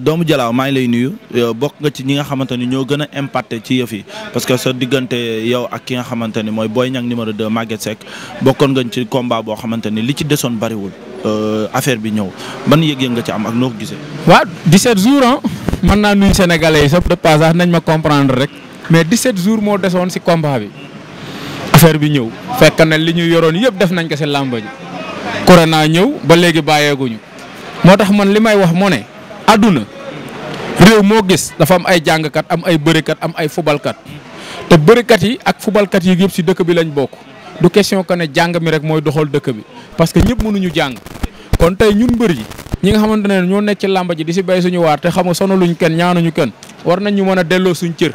doomu Jalaaw maa ngi lay nuyu bokk nga ci ñi nga xamante ni ñoo gën a impacté ci yëf yi parce que sa diggante yow ak ki nga xamante ni mooy booy Niang numéro 2 Maguette Seck bokkoon nga ci combat boo xamante ni li ci desoon bariwul euh, affaire bi ñëw ban yëg-yëg nga ci am ak noo ko gisee. waaw 17 jours ah mën naa nuyu sénégalais yi sax de passage nañ ma comprendre rek mais 17 jours moo desoon si combat bi affaire bi ñëw fekk na li ñuy yoroon yëpp def nañ ko si làmb ji ñëw ba léegi bàyyeeguñu moo tax man li may wax moo ne. àdduna réew moo gis dafa am ay jàngkat am ay bërikat am ay fubalkat te bërikat yi ak fubalkat yi yëpp ci dëkk bi lañ bokk du question que ne jàng mi rek mooy doxal dëkk bi parce que ñëpp mënuñu jàng kon tey ñun bër yi ñi nga xamante ne ñoo nekk ci làmba ji di si bay suñu waar te xam nga sonaluñ kenn ñaanuñu kenn war nañ ñu mën a delloo suñ cër.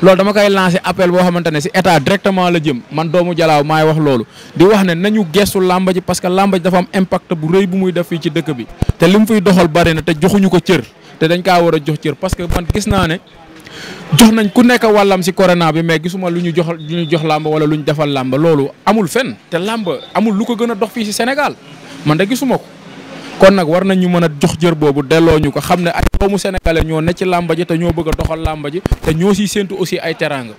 loolu dama koy lancer appel boo xamante ne si état directement la jëm man doomu jalaaw maay wax loolu di wax ne nañu gestu làmba ji parce que làmba ji dafa am impact bu rëy bu muy def fii ci dëkk bi te li mu fiy doxal bari na te joxuñu ko cër te dañ kaa war a jox cër parce que man gis naa ne jox nañ ku nekk wàllam si corona bi mais gisuma lu ñu jox lu ñu jox làmba wala luñu defal làmba loolu amul fenn te làmba amul lu ko gën a dox fii ci Sénégal man de gisuma ko kon nag war nañu mën a jox jër boobu delloo ñu ko xam ne ay doomu sénégalais ñoo ne ci làmba ji te ñoo bëgg a doxal làmba te ñoo siy séentu aussi ay teraanga